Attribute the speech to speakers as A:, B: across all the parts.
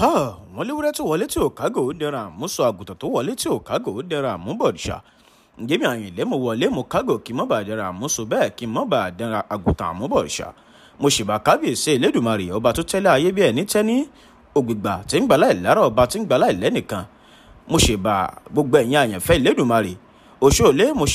A: tọ́ wọ́n léwúrẹ́ tó wọlé tí ò kágò ó dẹran àmú sọ àgùntàn tó wọlé tí ò kágò ó dẹran àmú bọ̀dìṣà jẹ́mi àwọn ilé mo wọlé mo kágò kí mọ́ bá dẹran àmú sọ bẹ́ẹ̀ kí mọ́ bá dẹran àgùntàn àmú bọ̀dìṣà mo ṣèbà kábíyèsí Elédùmarè ọba tó tẹ́lẹ̀ ayé bí ẹni tẹ́ní ògbìgbà tí ń gbàláì lára ọba tí ń gbàláì lẹ́nìkan mo ṣèbà gbogbo ẹ̀yin àyànfẹ́ Elédùmarè òṣòlé mo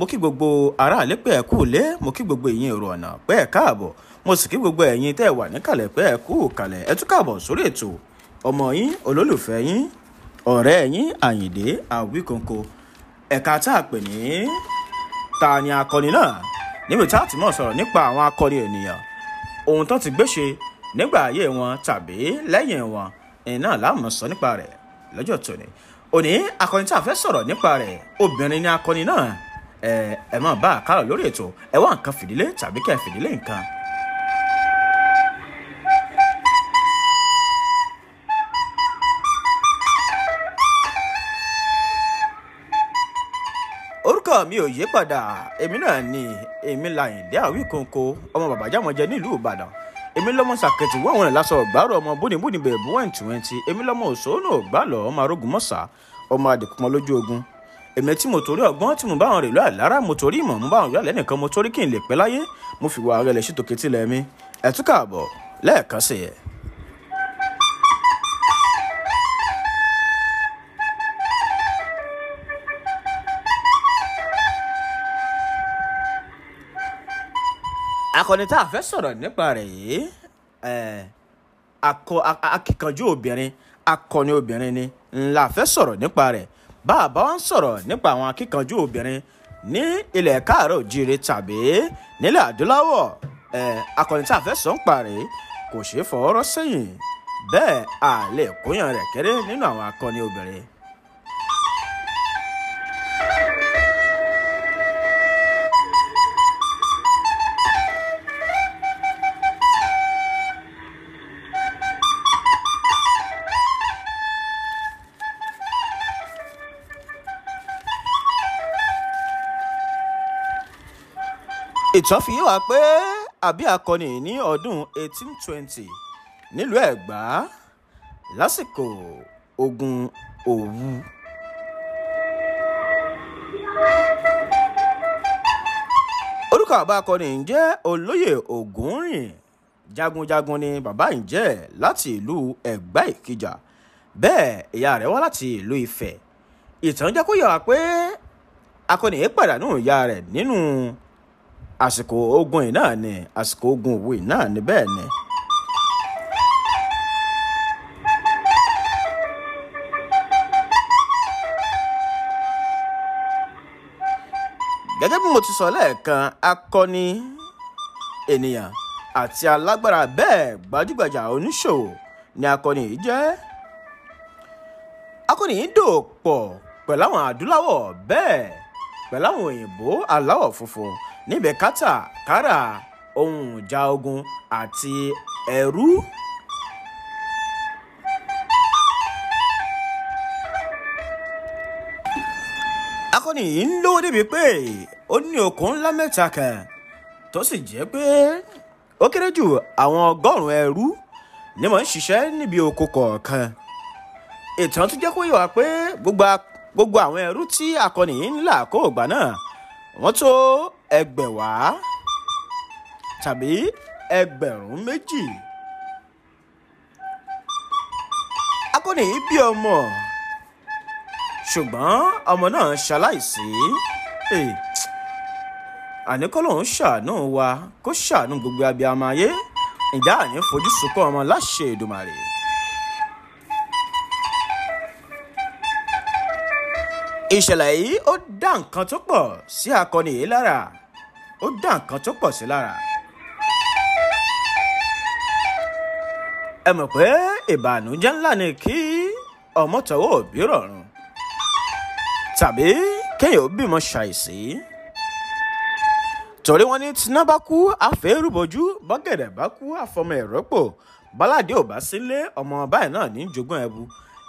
A: mo kí gbogbo aráàlú pé ẹ kú lé mo kí gbogbo ìyìn èrò ọ̀nà pé ẹ káàbọ̀ mo sì kí gbogbo ẹ̀yin tẹ́ ẹ wà níkàlẹ̀ pé ẹ kú kàlẹ̀ ẹ tún káàbọ̀ sórí ètò ọmọ yín olólùfẹ́ yín ọ̀rẹ́ yín àyìndé àwíkọ́nkọ́ ẹ̀ka tá a pè ní ta ni akọni náà níbi tá a ti mọ̀ sọ̀rọ̀ nípa àwọn akọni ènìyàn ohun tó ti gbé nígbà ayé wọn tàbí lẹ́yìn wọn iná láàmú sọ nípa rẹ̀ lọ́jọ́ tòní òní akọni tá a fẹ́ sọ̀rọ̀ nípa rẹ̀ obìnrin ni akọni náà ẹ ẹ máa bá àkàrà lórí ètò ẹ wá nǹkan fìdílé tàbí kẹ́ fìdílé nǹkan. orúkọ mi ò yé padà èmi náà ni èmi làyìndé àwíkóńkó ọmọ bàbá jámọjẹ nílùú ìbàdàn èmi lọmọ sàkẹtì wọ àwọn ìlàsọ ọgbàrọ ọmọ bónibóni bẹẹ bú wẹǹtìwẹǹtì èmi lọmọ òṣòwò náà gbà lọ ọmọ arógun ọmọ adìkúnmọ lójú ogun èmi tí mo torí ọgbọ́n tí mo bá àwọn rèlú àlára mo torí ìmọ̀ mo bá àwọn yọ̀ọ́ lẹ́nìkan mo torí kí n lè pẹ́ láyé mo fi wà rẹ̀ lẹ̀ ṣètò kétí lẹ́mí ẹ tún káàbọ̀ lẹ́ẹ̀kan sí ẹ̀. akọni tá a fẹ́ sọ̀rọ̀ nípa rẹ̀ yìí akíkanjú obìnrin akọni obìnrin ni ńlá fẹ́ sọ̀rọ̀ nípa rẹ̀ bá a bá wọn sọ̀rọ̀ nípa àwọn akíkanjú obìnrin ní ilẹ̀ káàárọ̀ òjíire tàbí nílẹ̀ adúláwọ̀ ẹ̀ akọni tá a fẹ́ sọ ń parí kò ṣeé fọwọ́rọ́ sẹ́yìn bẹ́ẹ̀ a lè kóyàn rẹ̀ kéré nínú àwọn akọni obìnrin ìtàn fi yé wa pé àbí akọni ní ọdún 1820 nílùú ẹ̀gbá lásìkò ogun òwu. orúkọ àbá akọni ń jẹ́ olóyè ògúnrìn jagunjagun ni bàbá ń jẹ́ láti ìlú ẹ̀gbá ìkìjà bẹ́ẹ̀ ìyá rẹ̀ wá láti ìlú ifẹ̀ ìtàn jẹ́ kó yé wa pé akọni yìí pàdánù ìyá rẹ̀ nínú àsìkò ogun yìí náà ni àsìkò ogun òwú yìí náà ni bẹ́ẹ̀ ni. gẹ́gẹ́ bí mo ti sọ lẹ́ẹ̀kan akọni ènìyàn àti alágbára bẹ́ẹ̀ gbajúgbajà oníṣòwò ni akọni yìí jẹ́ akọni yìí dò pọ̀ pẹ̀láwọn adúláwọ̀ bẹ́ẹ̀ pẹ̀láwọn òyìnbó aláwọ̀ funfun níbi kátàkárà ohun ìjà ogun àti ẹrú. akọni yìí ń lówó débi pé ó ní okùn ńlá mẹ́ta kan tó sì jẹ́ pé ó kéré jù àwọn ọgọ́rùn-ún ẹrú ni mò ń ṣiṣẹ́ níbi oko kọ̀ọ̀kan ìtàn tún jẹ́ kó yọ̀ wá pé gbogbo àwọn ẹrú tí akọni yìí ń là kó ògbà náà wọ́n tó ẹgbẹ̀wá tàbí ẹgbẹ̀rún méjì. akọni yìí bí ọmọ ṣùgbọ́n ọmọ náà ṣaláìsí àní kọ́ lòun ṣàánú wa kó ṣàánú gbogbo abiyamọ ayé ìdá àní fojú sunkún ọmọ láṣẹ Èdùmàrè. ìṣẹ̀lẹ̀ yìí ó dá nǹkan tó pọ̀ sí akọni yìí lára ó dá nǹkan tó pọ̀ sí lára. ẹ mọ̀ pé ìbànújẹ́ ńlá ni kí ọmọ tọwọ́ òbí rọ̀rùn tàbí kéèyàn ó bímọ ṣàìsí torí wọn ní tiná bá kú àfẹ́rùbọ̀jú bọ́gẹ̀dẹ̀ bá kú àfọmọ ẹ̀rọ́pò bọ́ládé ò bá sílé ọmọ báyìí náà ní jogún ẹbu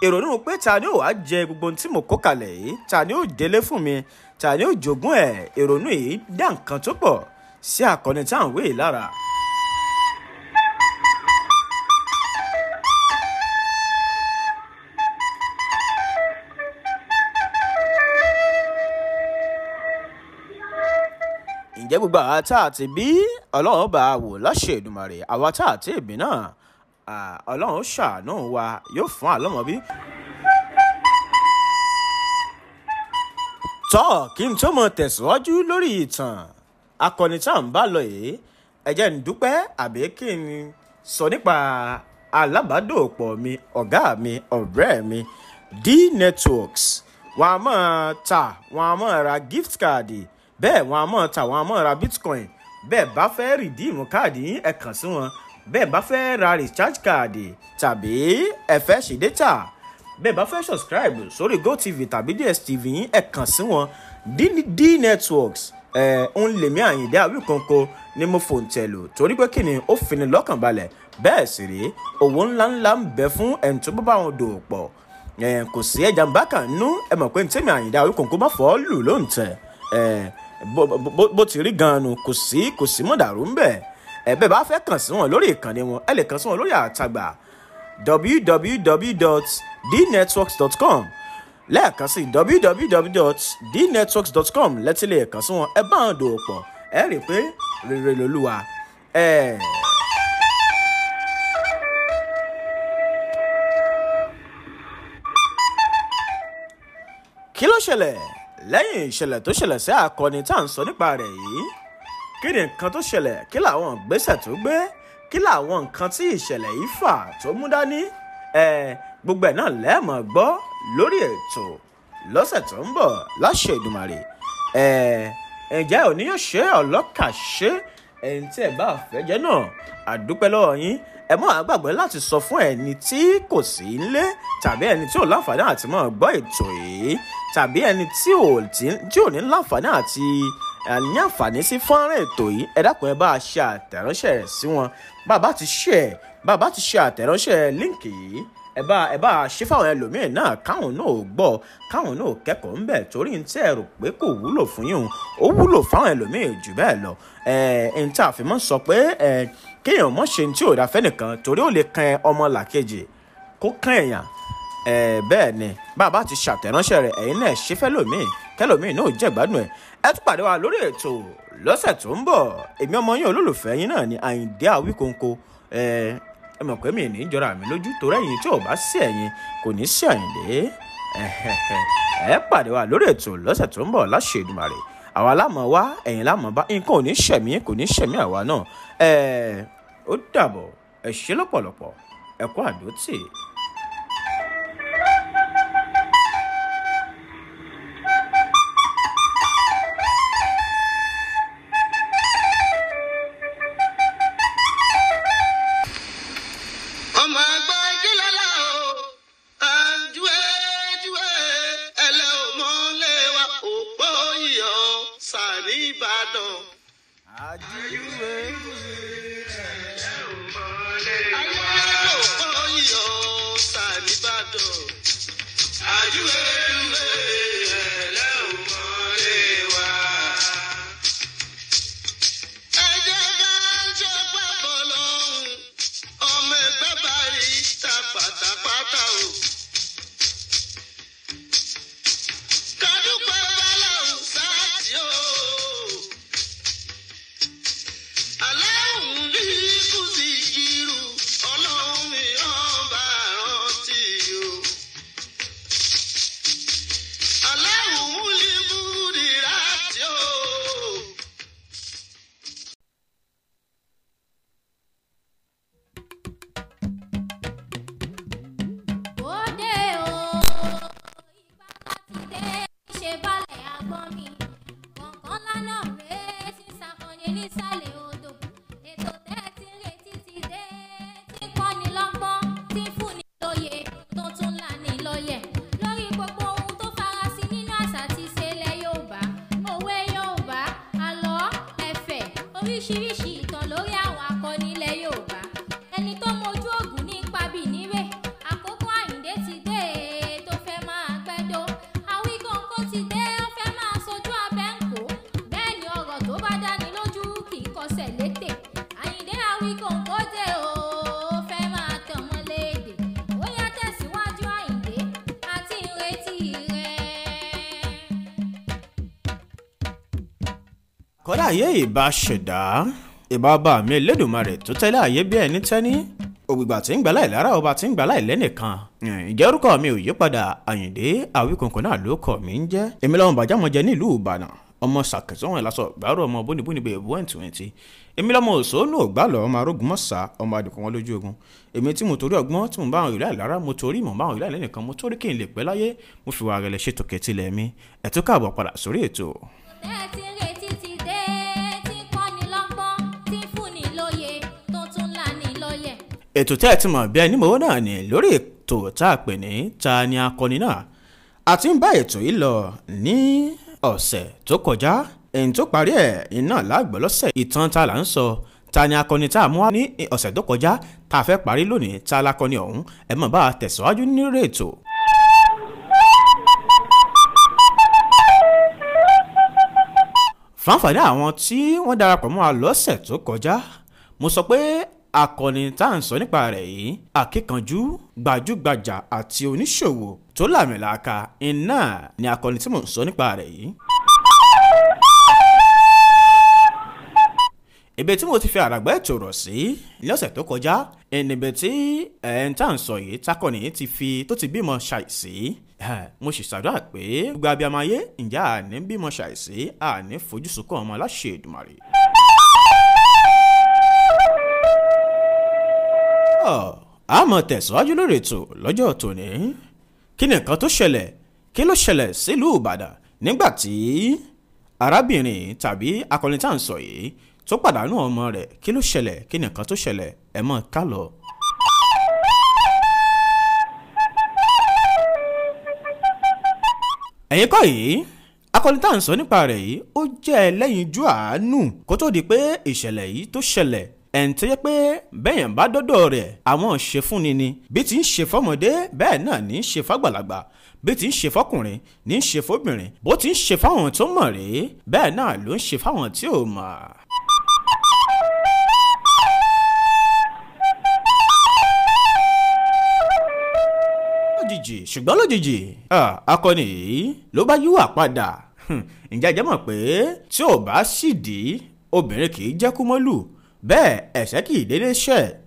A: ìrònú pé ta ni ó wàá jẹ gbogbo ohun tí mo kó kalẹ̀ yìí ta ni ó délé fún mi ta ni ó jogún ẹ̀ ìrònú yìí dá nǹkan tó pọ̀ sí àkọni tá à ń wé lára. ǹjẹ́ gbogbo àwa tá a ti bí ọlọ́run bá a wò láṣẹ Èdùmàrè àwa tá a ti bí náà ọlọ́run ṣàánú wa yóò fún àlọ́mọbí. tọ́ kí n tó mọ tẹ̀síwájú lórí ìtàn akọni tá à ń bá lọ yìí ẹ jẹ́ n dúpẹ́ àbí kí n sọ nípa alábàádòpọ̀ mi ọ̀gá mi ọ̀rẹ́ mi d networks wọn a máa ta wọn a máa ra gift card bẹ́ẹ̀ wọn a máa ta wọn a máa ra bitcoin bẹ́ẹ̀ bá fẹ́ rìdíìmù káàdì yín kàn sí wọn bẹ́ẹ̀ bá fẹ́ ra recharge card tàbí ẹ fẹ́ ṣe data bẹ́ẹ̀ bá fẹ́ subscribe sórí gotv tàbí dstv yín ẹ kàn sí wọn d networks ẹ ń lèmi àyìndé àwíkọ́nkọ́ ni mo fòǹtẹ̀ lò torí pé kí ni ó fini lọ́kàn balẹ̀ bẹ́ẹ̀ sì rí owó ńláńlá ń bẹ fún ẹni tó bá bá wọn dò pọ̀ kò sí ẹja bákan nú ẹ mọ̀ pé ní tèmi àyìndé àwíkọ́nkọ́ má fọ́ lù lóǹtẹ̀ bó ti rí gan kò sí kò sí mọ̀dàrú ń bẹ̀ ẹ̀bẹ̀ bá fẹ́ kàn sí wọn lórí ìkànnì wọn ẹ lè kàn sí wọn lórí àtàgbà www.dnetworks.com lẹ́ẹ̀kan sí www.dnetworks.com lẹ́tí lè kàn sí wọn ẹ bá wọn dòwò pọ̀ ẹ rí i pé rere lolúwa ẹ̀. Eh, kí ló ṣẹlẹ̀ lẹ́yìn ìṣẹ̀lẹ̀ tó ṣẹlẹ̀ sí akọni tá à ń sọ nípa rẹ̀ yìí kí ni nǹkan tó ṣẹlẹ̀ kí làwọn ìgbésẹ̀ tó gbé kí làwọn nǹkan tí ìṣẹ̀lẹ̀ yìí fà tó mú dání ẹ gbogbo ẹ̀ náà lẹ́ẹ̀mọ̀ gbọ́ lórí ètò lọ́sẹ̀ tó ń bọ̀ láṣẹ Èdùmàrè ẹ ǹjẹ́ òní yóò ṣe ọlọ́kà ṣe ẹni tí ẹ bá fẹ́ jẹ́ náà àdúpẹ́ lọ́wọ́ yín ẹ mọ́ àgbàgbé láti sọ fún ẹni tí kò sí nílé tàbí ẹni tí ò láǹfààní àti máa gbọ́ ètò yìí tàbí ẹni tí ò ní láǹfààní àti ní àǹfààní sí fọ́nrán ètò yìí ẹ dákun ẹ bá a ṣe àtẹ̀ránṣẹ́ rẹ̀ sí wọn bàbá ti ṣe bàbá ti ṣe àtẹ̀ránṣẹ́ líǹkì yìí ẹ bá ẹ bá a ṣe fáwọn ẹlòmíín náà káwọn náà gbọ́ káwọn náà kẹ́kọ̀ọ́ ńbẹ torí ń tẹ ẹrù pé kò wúlò fún yín ó wúlò fáwọn ẹlòmíín jù bẹ́ẹ̀ lọ ẹ ẹ ń tà àfimọ́ sọ pé ẹ kéèyàn mọ̀ ṣe tí ò dáfẹ́ nìkan torí ó lè kan ọmọ làkejì kó kan èèyàn ẹ bẹ́ẹ̀ ni bàbá ti ṣàtẹ̀ránṣẹ́ rẹ̀ ẹ̀yin náà ṣe fẹ́ lòmíín kẹ́lòmíín náà jẹ̀gbádùn ẹ̀ ẹ tún pàdé wa lórí ètò lọ́sẹ̀ tó ń bọ̀ èmi ọmọ yín olólùfẹ́ yín náà ni Àyìndé Àwíkóńkó ẹ ẹ mọ̀ pé mi ní jọra mi lójú torí ẹ̀yin tí ò bá sí ẹ̀yin kò ní sí Àyìndé ẹ pàdé wa lórí ètò lọ́sẹ̀ tó ń bọ̀ láṣẹ Èdùmàrè àwa lámọ̀ wá ẹ̀yin lámọ̀ bá nǹkan ò ní ṣẹ̀mí kò ní ṣẹ̀mí àwa náà ẹ ó dàbọ̀ ẹ ṣé lọ́pọ̀lọpọ̀ ẹ àdótì ayé ìbá ṣẹ̀dá ìbá ọba mi Elédùmarè tó tẹ́lẹ̀ ayé bí ẹni tẹ́ni ògbìgbà tí ń gbà láì lára ọba tí ń gbà láì lẹ́nìkan ìjẹ́ orúkọ mi ò yí padà Àyìndé Àwíkòǹkò náà ló kọ̀ mí ń jẹ́ èmi lọ́mọ bàjámọ̀jẹ nílùú Ìbàdàn ọmọ sàkẹtọ wọn lásọ gbàrú ọmọ bónibóni bẹẹ wọn tì wọn ti èmi lọmọ òṣòwò ògbà lọ ọmọ arógun mọsà ọmọ àdìkú wọn lójú ogun èmi tí mo torí ọgbọ́n tí mo bá àwọn ìlú àìlára mo torí mo bá àwọn ìlú àìlẹ́nìkan mo torí kí n lè pẹ́ láyé mo fi wà ṣètò kẹtìlẹ̀ mi ẹ káàbọ̀ padà sórí ètò. ètò tẹ́ ẹ̀ ti mọ̀ bí ẹni mọ̀wó náà ni lórí ètò tá a pè ní ta ni akọni náà àti ń bá ètò yìí lọ ní ọ̀sẹ̀ tó kọjá èyí tó parí ẹ̀ iná láàgbọ́ lọ́sẹ̀ ìtàn ta là ń sọ ta ni akọni tá a mú wá ní ọ̀sẹ̀ tó kọjá tá a fẹ́ parí lónìí ta lakọni ọ̀hún ẹ̀ mọ̀ bá a tẹ̀síwájú nírú ètò. fáǹfààní àwọn tí wọ́n darapọ̀ mọ́ wa lọ́sẹ̀ tó kọjá mo sọ pé akọni tá à ń sọ nípa rẹ̀ yìí akíkanjú gbajúgbajà àti oníṣòwò tó làmìlàaka iná ni akọni tí mò ń sọ nípa rẹ̀ yìí. ibi tí mo ti fi àràgbá ètò rọ̀ sí lọ́sẹ̀ tó kọjá ẹnìbẹ̀ tí ẹ̀ẹ́n eh, tá à ń sọ yìí takọ̀nì ti fi tó ti bímọ ṣàìsí mo sì ṣàdúrà pé gbogbo abiyamọ ǹjẹ́ àní bímọ ṣàìsí àní fojú sunkún ọmọ aláṣẹ Èdùmàrè. a mọ̀ tẹ̀síwájú lórí ètò lọ́jọ́ tòní kí ni nǹkan tó ṣẹlẹ̀ kí ló ṣẹlẹ̀ sílùú ìbàdàn nígbà tí arábìnrin tàbí akọni tá à ń sọ yìí tó pàdánù ọmọ rẹ̀ kí ló ṣẹlẹ̀ kí ni nǹkan tó ṣẹlẹ̀ ẹ̀ mọ̀ ká lọ. ẹ̀yin kọ́ yìí akọni tá à ń sọ nípa rẹ̀ yìí ó jẹ́ ẹlẹ́yinjú àánú kó tó di pé ìṣẹ̀lẹ̀ yìí tó ṣẹlẹ̀ ẹni tó yẹ pé bẹ́yàn bá dọ́dọ̀ rẹ̀ àwọn ìṣefúnni ni bí ti ń ṣe fọmọdé bẹ́ẹ̀ náà ní í ṣe fàgbàlagbà bí ti ń ṣe fọkùnrin ní í ṣe fóbìnrin bó ti ń ṣe fáwọn tó mọ̀ rèé bẹ́ẹ̀ náà ló ń ṣe fáwọn tí ò mọ̀. lójijì ṣùgbọ́n lójijì akọni yìí ló bá yíwà padà ǹjẹ́ ẹ mọ̀ pé tí ò bá sídìí obìnrin kì í jẹ́ kú mọ́lù Ben, est-ce qui des déchets?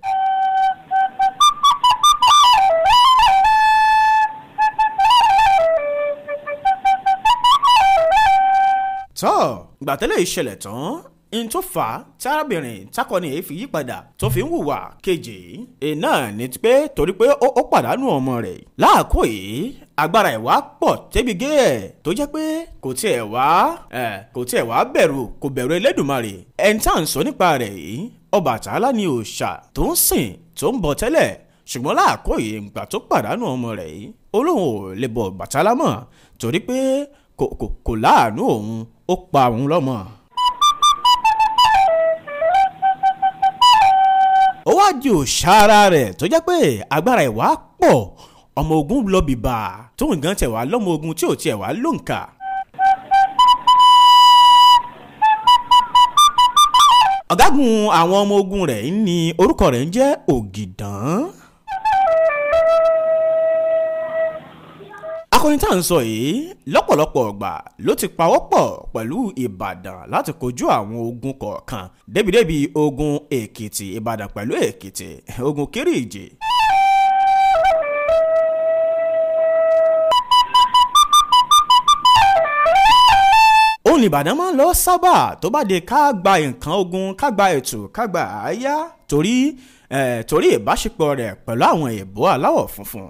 A: Ça, battez les échelles, toi In tó fà á tí arábìnrin takọni èyí fi yí padà tó fi ń hùwà kejì iná e ní pé torí pé ó pàdánù ọmọ rẹ̀ láàkó yìí agbára ẹ̀ wá pọ̀ tẹ́bi gé ẹ̀ tó jẹ́ pé kò tiẹ̀ wá kò tiẹ̀ wá bẹ̀rù kò bẹ̀rù Elédùmarè ẹni tá à ń sọ nípa rẹ̀ yìí Ọbàtálá ni òòṣà tó ń sìn tó ń bọ tẹ́lẹ̀ ṣùgbọ́n láàkó yìí ìgbà tó pàdánù ọmọ rẹ̀ yìí olóhùn ò lè bọ Ọbàtálá torí pé kò láàánú òun ó pa òun lọ́mọ. ó wá di òòṣà ara rẹ̀ tó jẹ́ pé agbára ẹ̀ wá pọ̀ ọmọ ogun lọ bìbà tó nǹkan tẹ̀ wá lọ́mọ ogun tí ò tiẹ̀ wá lóǹkà. ọ̀gágun àwọn ọmọ ogun rẹ̀ ní orúkọ rẹ̀ ń jẹ́ Ògìdán. akọni tá à ń sọ yìí lọ́pọ̀lọpọ̀ ọgbà ló ti pawọ́pọ̀ pẹ̀lú Ìbàdàn láti kojú àwọn ogun kọ̀ọ̀kan débìdébì ogun Èkìtì Ìbàdàn pẹ̀lú Èkìtì ogun Kírìjì. òun nìbàdàn máa ń lọ sábà tó bá dé ká gba nǹkan ogun ká gba ètò ká gba àáyá torí torí ìbáṣepọ̀ rẹ̀ pẹ̀lú àwọn èèbó aláwọ̀ funfun.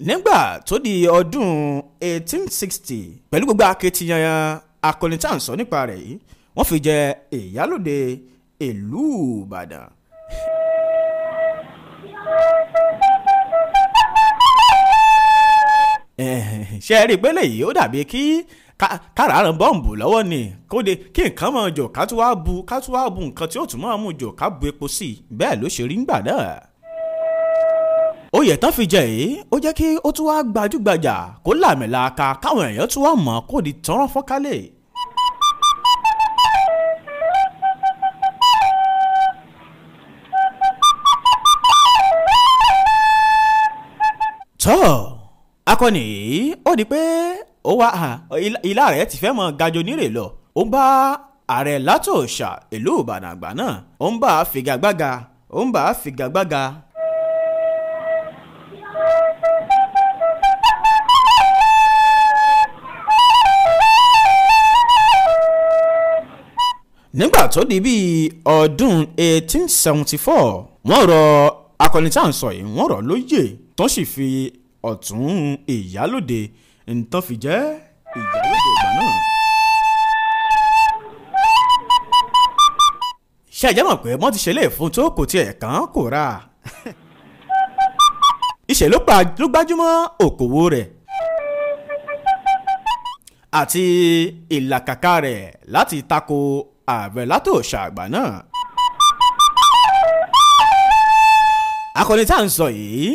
A: nígbà tó di ọdún 1860 pẹ̀lú gbogbo akitiyan akọni tá à ń sọ nípa rẹ̀ yìí wọ́n fi jẹ ìyálòde ìlú ìbàdàn. ṣe é rí i pé lèyí ó dàbí kí káràárọ̀ bọ́ǹbù lọ́wọ́ ni kóde kí nǹkan máa jò ká tún wá bu ká tún wá bu nǹkan tí ó tún máa mú jò ká bu epo sí bẹ́ẹ̀ ló ṣe rí ńgbà náà oyè tán fi jẹ yìí ó jẹ́ kí ó tún wá gbajúgbajà kó làmìlaka káwọn èèyàn tún wá mọ̀ kó di tọ́rọ́ fọ́nkálẹ̀. tọ́ akọni yìí ó di pé ó wá ilá rẹ̀ ti fẹ́ mọ gajo nírè lọ ó bá ààrẹ látòòṣà ìlú ìbàdàn àgbà náà ó ń bá a figagbága ó ń bá a figagbága nígbà tó di bíi ọdún eighteen seventy four wọ́n rọ akọni tá à ń sọ yìí wọ́n rọ̀ lóyè tó sì fi ọ̀tún ìyálòde nǹkan fi jẹ́ ìyálòde ìgbà náà. ṣe àjẹmọ̀ pé wọ́n ti ṣe lè fún tó kò tiẹ̀ kàn kò rà iṣẹ́ ló gbájúmọ́ òkòwò rẹ̀ àti ìlàkàkà rẹ̀ láti tako ààrẹ látòòṣà àgbà náà. akọni tá à ń sọ yìí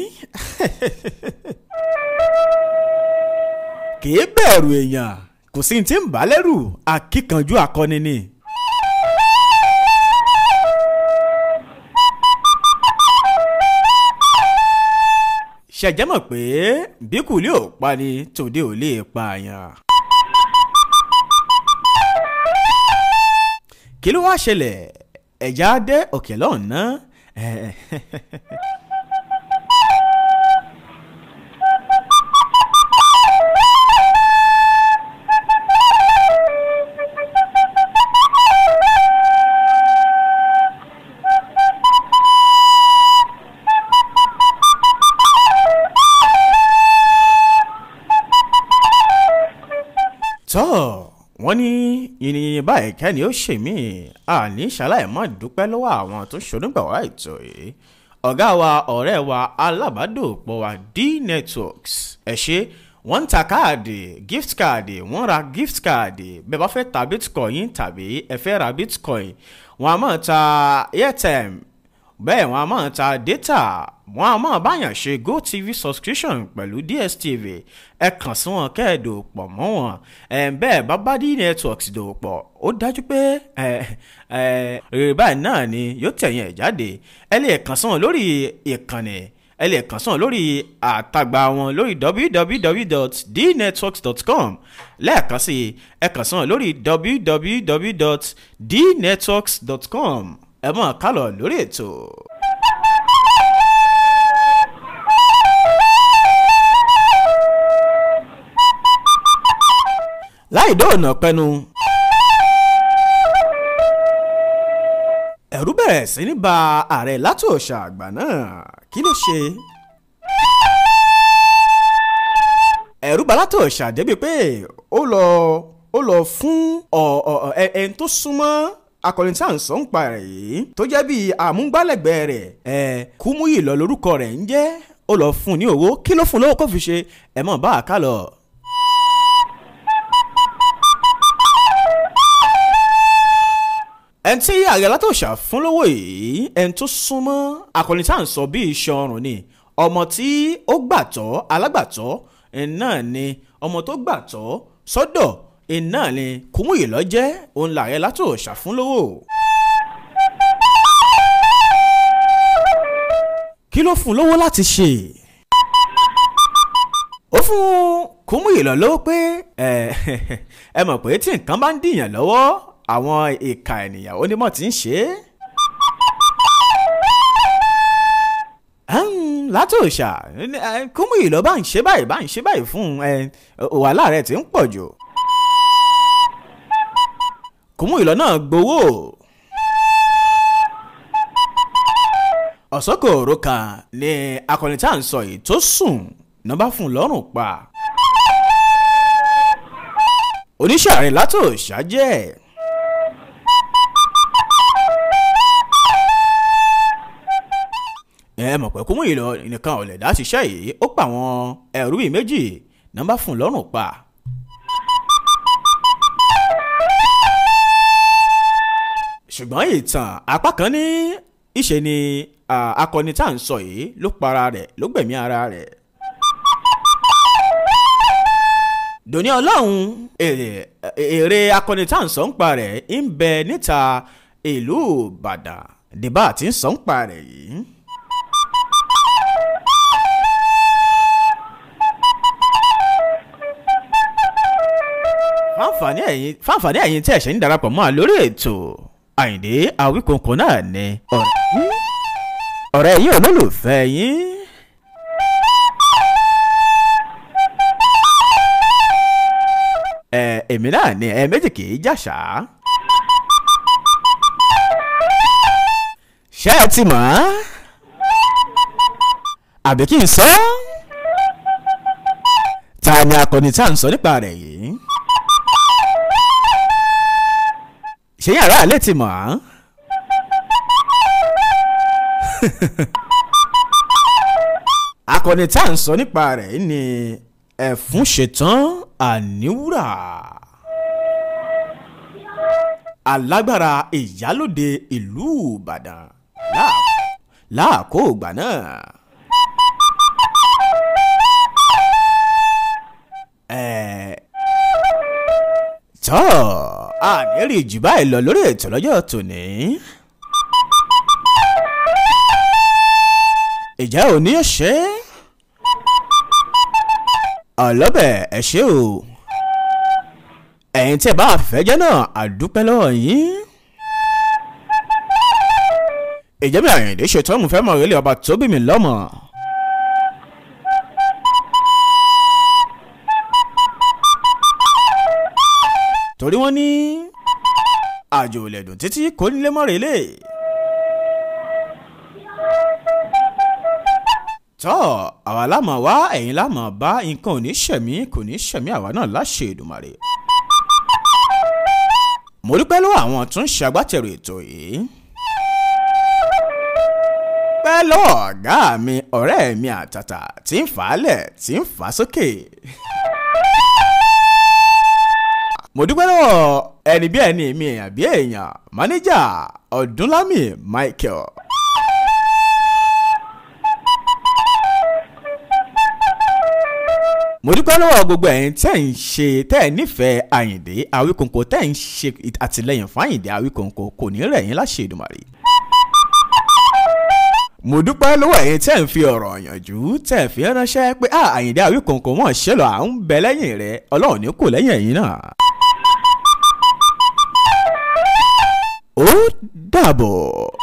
A: kì í bẹ̀rù èèyàn kò sí ti ń bà lẹ́rù akíkanjú akọni ni. ṣẹ̀jẹ̀ mọ̀ pé bí kùlé ò pa ni tòde ò lè pààyàn. kí ló wá ṣẹlẹ̀ ẹ̀já dé òkè lọ́hùn-ún wọ́n ní ìrìnyìn báyìí kẹ́ni ó ṣe mí àní ṣaláìmọ́ dúpẹ́ lọ́wọ́ àwọn tó ṣonúgbàwá ètò yìí ọ̀gá wa ọ̀rẹ́ wa alábàádòpọ̀ wa D Networks ẹ ṣé wọ́n ń ta káàdì gift káàdì wọ́n ra gift káàdì bẹ́ẹ̀ bá fẹ́ ta bitcoin tàbí ẹ fẹ́ ra bitcoin wọ́n á máa ta airtime bẹ́ẹ̀ wọ́n á máa ta data wọ́n á máa báyàn ṣe gotv subscription pẹ̀lú dstv ẹ kàn sí wọn kẹ́ ẹ dòpọ̀ mọ́ wọn ẹ̀ bẹ́ẹ̀ bàbá d networks dòpọ̀ ó dájú pé ẹ̀ ẹ̀ rèrè báyìí náà ni yóò tẹ̀yìn ẹ̀ jáde ẹ lè kàn sí wọn lórí ìkànnì ẹ lè kàn sàn lórí àtàgbà wọn lórí www.dnetworks.com lẹ́ẹ̀kan sí ẹ kàn sàn lórí www.dnetworks.com ẹ mọ̀ ká lọ lórí ètò. láì dóònà pẹnu. ẹ̀rù bẹ̀rẹ̀ sí ní ba ààrẹ látòòṣà àgbà náà kí ló ṣe. ẹ̀rù bà látòòṣà débi pé ó lọ ó lọ fún ẹni tó súnmọ́ akọrin tí à ń sọ ń pa rẹ̀ yìí tó jẹ́ bíi àmúgbálẹ́gbẹ̀ẹ́ rẹ̀ ẹ̀ Kúmúyì lọ lórúkọ rẹ̀ ń jẹ́ ó lọ fún un ní owó kí ló fún un lówó kó fi ṣe ẹ̀ mọ̀ bá a ká lọ. ẹni tí ààrẹ látòṣà fún lówó yìí ẹni tó súnmọ́ akọni tá à ń sọ bíi iṣan ọrùn ni ọmọ tí ó gbàtọ́ alágbàtọ́ náà ni ọmọ tó gbàtọ́ sọ́dọ̀ náà ni Kúmúyì ló jẹ́ òun làárẹ̀ látòṣà fún lówó. kí ló fún lówó láti ṣe ó fún Kúmúyì lọ lówó pé ẹ mọ̀ pé tí nǹkan bá ń dìyàn lọ́wọ́ àwọn ìka ènìyàn onímọ̀ tí ń ṣe é. látòòṣà kúmùyì ló bá ń ṣe báyìí bá ń ṣe báyìí fún wàhálà rẹ̀ tí ń pọ̀ jù. kúmùyì lọ náà gbowó. ọ̀sọ́kọ̀ òru kan ni akọni tá à ń sọ yìí tó sùn náà fún lọ́rùn pa. oníṣàrin látòòṣà jẹ́ ẹ̀. ẹ mọ̀ pé Kúmúyìlọ nìkan ò lè dá ṣiṣẹ́ yìí ó pa àwọn ẹ̀rú bíi méjì nọ́mbà fún lọ́rùn pa. ṣùgbọ́n ìtàn apá kan ní ìṣe ni akọni tá à ń sọ yìí ló para rẹ̀ ló gbẹ̀mí ara rẹ̀. dòní ọlọ́run èrè akọni tá à ń sọ ń pa rẹ̀ ń bẹ níta ìlú Ìbàdàn dìbà tí ń sọ ń pa rẹ̀ yìí. fáǹfààní ẹ̀yin fáǹfààní ẹ̀yin tí ẹ ṣe ń darapọ̀ mọ́ lórí ètò àyìndé àwíkòǹkò náà ni ọ̀rẹ́ yín olólùfẹ́ yín. ẹ èmi náà ni ẹ méjì kì í jàṣà. ṣé ẹ ti mọ̀ ọ́ àbí kí n sọ ta ni akọni tá à ń sọ nípa rẹ̀ yìí. ṣé yàrá àlẹ́ ti mọ̀ án. akọni tá à ń sọ nípa rẹ̀ ni ẹ̀fún ṣetán àníwúrà alágbára ìyálòde ìlú ìbàdàn láàkó ìgbà náà. ẹ̀ẹ́ àníyàn ìjì báyìí lọ lórí ètò lọ́jọ́ tòní. ìjà ò ní ṣe é ọlọ́bẹ̀ ẹ̀ ṣe o ẹ̀yin tí ẹ bá fẹ́ jẹ́ náà àdúpẹ́ lọ́wọ́ yín. ìjẹ́mi àyìndé ṣètò ọ̀hún fẹ́ mọ̀ orílẹ̀ ọba tó bí mi lọ́mọ. torí wọ́n ní àjò lẹ̀dùn títí kò nílé mọ́rẹ̀ lé. tọ́ àwa lámọ̀ wá ẹ̀yin lámọ̀ bá nǹkan ò ní ṣẹ̀mí kò ní ṣẹ̀mí àwa náà láṣẹ Èdùmàrè. mo dúpẹ́ lọ́wọ́ àwọn tó ń ṣe agbátẹrù ètò yìí dúpẹ́ ọ̀gá mi ọ̀rẹ́ mi àtàtà tí ń fà á lẹ̀ tí ń fà á sókè mo dúpẹ́ lọ́wọ́ ẹni bí ẹni mi èèyàn bí èèyàn mánéjà ọ̀dúnlámì Michael. mo dúpẹ́ lọ́wọ́ gbogbo ẹ̀yin tẹ́ ń ṣe tẹ́ ẹ nífẹ̀ẹ́ Àyìndé Àwíkòǹkò tẹ́ ń ṣe àtìlẹ́yìn fún Àyìndé Àwíkòǹkò kò ní rẹ̀ yín láṣẹ Èdùmàrè mo dúpẹ́ lọ́wọ́ ẹ̀yin tẹ́ ń fi ọ̀rọ̀ yànjú tẹ́ ń fi ránṣẹ́ pé Àyìndé Àwíkòǹkò mọ̀ ṣẹlọ à ń bẹ lẹ́yìn rẹ̀ Ọlọ́run ní kò lẹ́yìn ẹ̀yin náà. O double.